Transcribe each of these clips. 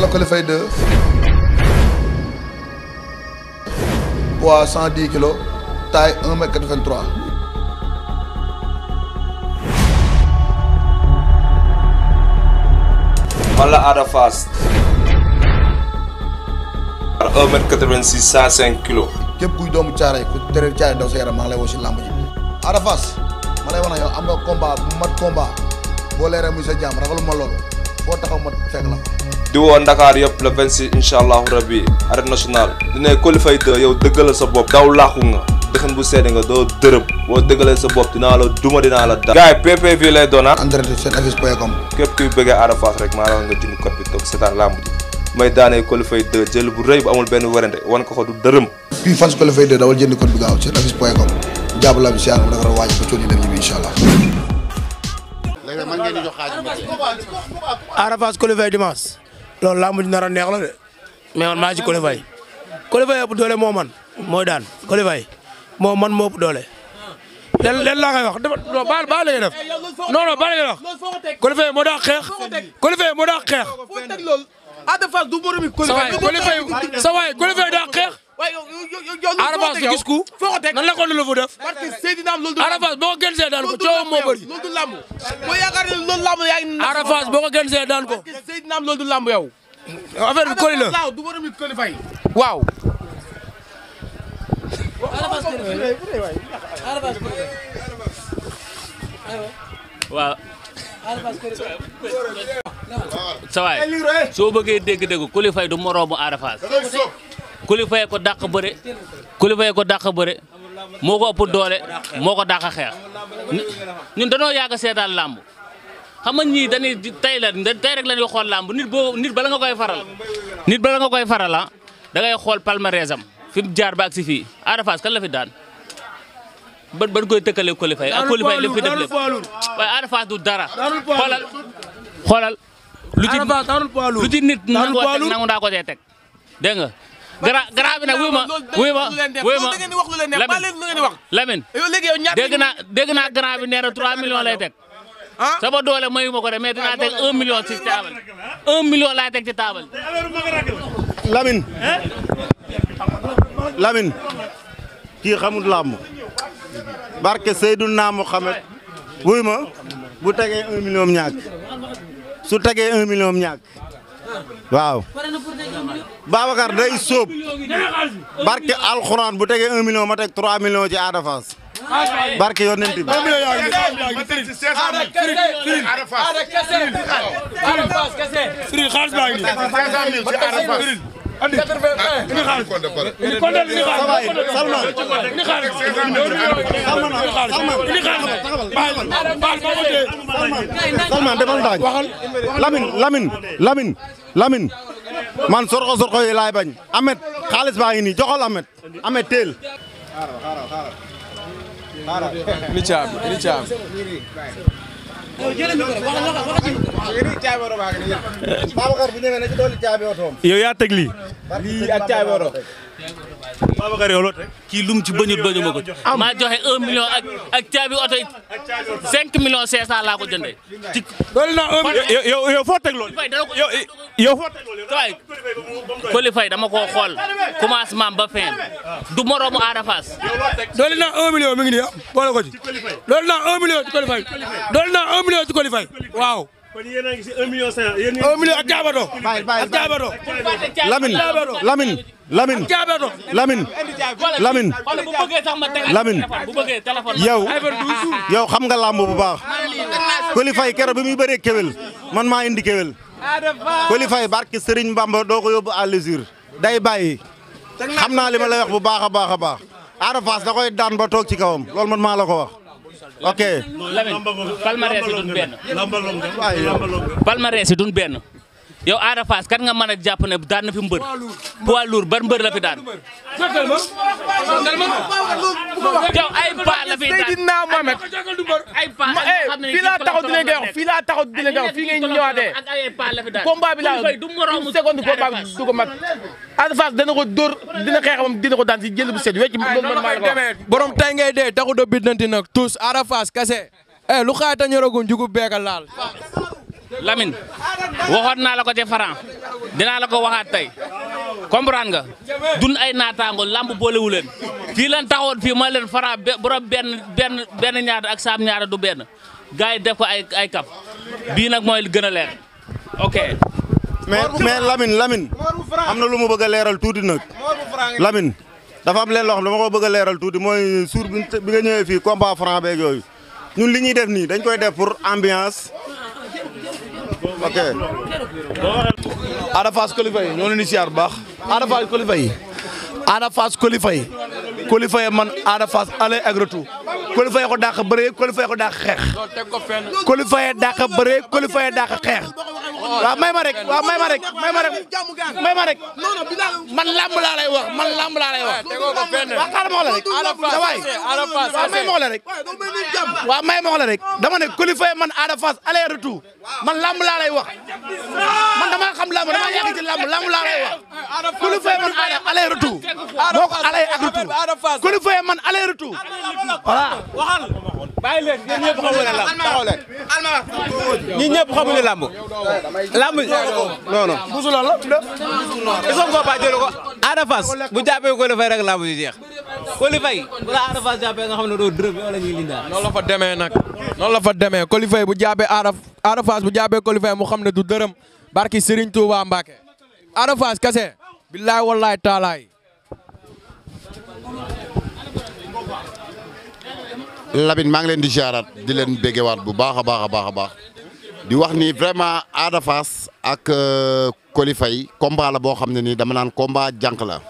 la Colifay 2 poids 110 kilos taille 1 mètre 83 man la Ada Fass 1 mètre 86 105 kilos képp kuy doomu caare ku tere caare ma lay wax na yow am nga combat bu mat combat boo leeree muy sa jàmm ragalu ma loolu foo taxaw ma fekk di woo Ndakaar yëpp le 26 incha allahu rabi arène nationale di ne Coly Faye 2 yow dëggalal sa bopp daw laaxu nga dëxan bu seede nga doo dërëm boo dëggalee sa bopp dinaa la duma dinaa la da gars yi PPV lay doona ah. entretien seen affiche point com képp kuy bëggee Ada Fass rek maa nga jënd code bi toog seetaan lamb ji may daanee Coly Faye jël bu rëy bu amul benn werante wan ko ko du dërëm kuy fans Coly Faye dawal jënd code bi gaaw seen affiche man ngeen di jox xaaju ma Arafas Coly Faye dimanche loolu laa mujj nar neex la de mais man maa ci Coly Faye Coly Faye ëpp doole moo man mooy daan Coly Faye moo man moo ëpp doole leen leen laa a wax dafa non baal baal la ñuy def non non baal la ñuy wax Coly Faye moo daax xeex Coly moo daax xeex. Ada Fass du xeex. waaye yow yow yow yow. Arafas du ko coow moo bëri. loolu du loolu lamb yaa ngi. Arafas boo ko gën see ko. parce que koli la a mit koli fay. waaw. waaw. sa waay Coly ko dàq bëre Coly Faye ko dàq bëre moo ko ëpp doole moo ko dàq xeex ñun dañoo yàgg a seetaan làmb xam nga ñii dañuy tey la tey rek la xool làmb nit boo nit bala nga koy faral nit bala nga koy faral ah da ngay xool palmarès am fi mu jaar ba ak si fii Ada daan ban ban koy tëkkalee Coly Faye ak Coly Faye li fi def lépp waaye Ada Fass du dara xoolal xoolal lu nit nangu daa ko cee teg gara gara bi nag wuy ma wuy ma wuy ma Lamine dégg naa dégg naa grand nee na 3 lay teg. Ah? sama doole mayu ma ko de mais teg 1 million ci taabal 1 million laa teg ci taabal. Lamine. Lamine. kii xamul làmb. barke Seydouna Mohamed. wuy ma bu tegee 1 million ñàkk su tegee 1 million ñàkk waaw. Babacar day sóob barke alxuraan bu tegee 1 million ma teg 3 million ci Ada Fass barke yonent bi. andi indi xaalis kon de pare indi kon de man sorxo sorxo yi laay Amet xaalis baa ngi nii Amet Amet teel li ci Babacar yow loo teg kii lum ci bañu bañu ma ko maa joxe 1 million ak ak caabi oto yi 5 millions 500 laa ko jëndee. ci loolu na 1 million yow yow foo teg loolu. yow yow foo teg dama koo xool commencement ba fin du moromu Ada Fass. na 1 million mi ngi nii ah, boole ko ci. na 1 million ci Coly waaw. kon yéen a ngi si ak jaabatoo. ak jaabatoo Lamine Lamine Lamine Lamine Lamine yow yow xam nga làmb bu baax. Coly Faye bi muy bëree kéwél man maa indi kéwél Coly Faye barke Serigne Bamba doo ko yóbbu à day bàyyi xam naa li ma lay bu baax a baax a baax Ada Fass da daan ba toog ci kawam loolu man maa la ko wax. ok. Lamine palmarès yi duñ benn. palmarès benn. yow Ada Fass kan nga mën a jàpp ne daan na fi mbër poids lourd ban mbër la fi daan yow ay paa la fi daan Seydina Mohamed ay paa eh, fii laa taxaw di leen koy wax fii laa taxaw di bi laa une seconde combat bi du ko mat Ada Fass dana ko dóor dina xeex moom dina ko daan si jël bu set wecc ma man maa la ko wax borom tey ngay dee taxu do bid nanti nag tous Ada Fass kase eh lu xaay ta ñorogun jugub beeka laal Lamine waxoon naa la ko ci Franc dinaa la ko waxaat tey comprendre nga dun ay naataango lamb boolewu leen fii lan taxawoon fii ma leen Franc benn benn benn ñaata ak saam ñaata du benn gars yi def ko ay ay kaf bii nag mooy gën a leer ok. mais mais Lamine Lamine am na lu mu bëgg leeral tuuti nag Lamine dafa am leen loo xam dama ko bëgg leeral tuuti mooy suur bi nga ñëwee fii combat Franc beeg yooyu ñun li ñuy def nii dañ koy def pour ambiance. ok. Ada Fass kilifa yi ñoo leen di bu baax. Ada Fass kilifa yi. Ada Fass kilifa yi. man Ada Fass aller ak retour. kilifa yi ko dàq xeex. kilifa yi dàq bëree kilifa xeex. waaw may ma rek waaw may ma rek may ma rek may ma rek man làmb laa lay wax man làmb laa lay wax. waaw xaaral ma wax la wax la rek. waaw may ma wax la rek. dama man Ada Fass aller retour man làmb laa wax man damaa xam làmb damaa yàgg ci làmb man Ada aller retour boo ko aller ak retour qualifié man aller retour voilà. bàyyi leen ñun ñëpp xamuñu ne làmb làmb. làmb non non. la. isom ko ba jël ko. bu jàppee ko li rek làmb ji jeex. Coly Faye bu la Ada xam ne doo dërëm yow la ñuy lindaa. noonu la fa demee nag. noonu la demee Coly bu jàppee Ada Ada bu jàppee Coly Faye mu xam ne du dërëm barki Serigne Touba Mbacke. Ada Fass kese. billaay taalaay. Lamine maa ngi leen di ziaraat di leen béggewaat bu baax a baax a baax di wax ni vraiment Ada ak euh, Coly Faye combat la boo xam ne nii dama naan combat jànq la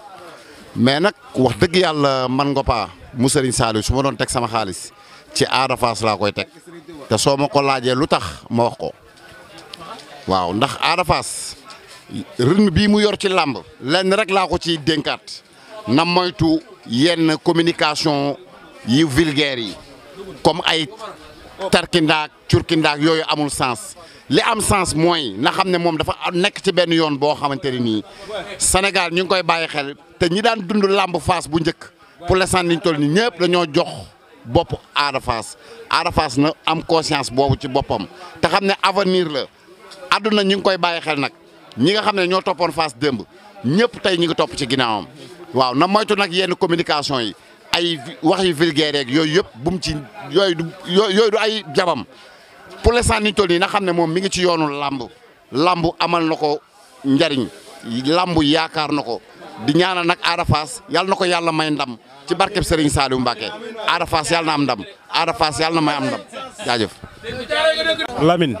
mais nag wax dëgg yàlla man nga paa mu Serigne Saliou su ma doon teg sama xaalis ci Ada laa koy teg te soo ma ko laajee lu tax ma wax ko waaw ndax Ada Fass rythme bii mu yor ci làmb lenn rek laa ko ci dénkaat na moytu yenn communication yu vulgaire yi comme ay tarkindaak curkindaak yooyu amul sens li am sens mooy na xam ne moom dafa nekk ci benn yoon boo xamante ne nii Sénégal ñu ngi koy bàyyi xel te ñi daan dund làmb Fass bu njëkk pour l'instant niñ toll ni ñëpp dañoo jox bopp Ada Fass Ada Fass na am conscience boobu ci boppam te xam ne avenir la àdduna ñu ngi koy bàyyi xel nag ñi nga xam ne ñoo toppoon Fass démb ñëpp tey ñi ngi topp ci ginnaawam waaw na moytu nag yenn communication yi ay wax yu vulgaire rek yooyu yëpp bu ci yooyu du yooyu ay jabam pour l'instant ni toll nii na xam ne moom mi ngi ci yoonu làmb làmb amal na ko njariñ làmb yaakaar na ko di ñaanal nag Ada Fass yàlla na ko yàlla may ndam ci barkeb Serigne Saliou Mbacké Ada Fass na am ndam Ada Fass yàlla na may am ndam jaajëf. Lamine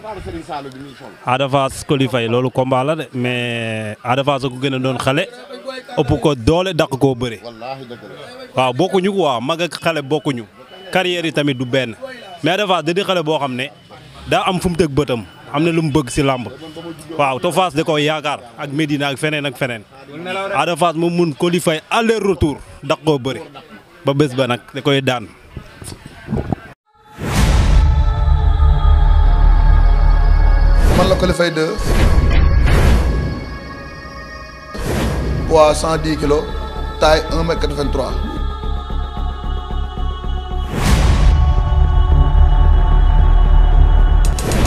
Ada Fass Coly Faye loolu combat de mais Ada Fass ko gën a doon xale ëpp ko doole dàq koo bëre. waaw bokkuñu quoi mag ak xale bokkuñu carrière yi tamit du benn mais dafa da xale boo xam ne daa am fu mu teg bëtam am na lu mu bëgg si làmb waaw te da ko yaakaar ak Medina ak feneen ak feneen Ada Fass moom mun qualifier aller retour dax koo bëri ba bés ba nag da koy daan man la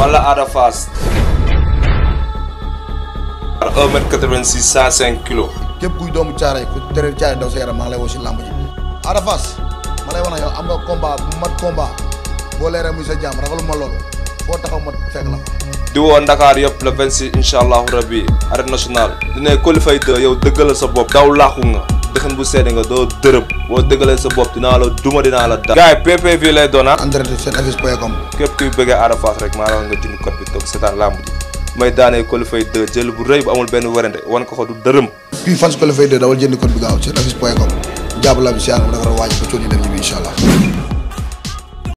man la Ada Fass. 1 mètre 86 105 kilos. képp kuy doomu caaray ku sa yaram maa lay woo si làmb ji. Ada ma lay wax na yow am nga combat bu mat combat boo leeree muy sa jaam ragalu ma loolu foo taxaw ma fekk la. di Ndakaar yëpp le 26 incha allahu rabi arène dina ne Coly Faye yow dëggalal sa bopp. daw laaxu nga. yéexin bu seede nga doo dërëm boo dëgalee sa bopp dinaa la duma dinaa la da gars yi ah. PPV la seetaan lamb ji may daanee Colifay 2 jël bu rëy bu amul benn werante wan ko ko du dërëm puis fans Colifay 2 dawal jënd code bi gaaw seen affiche point com jàpp waaj ba coono yi dem ñi bi incha allah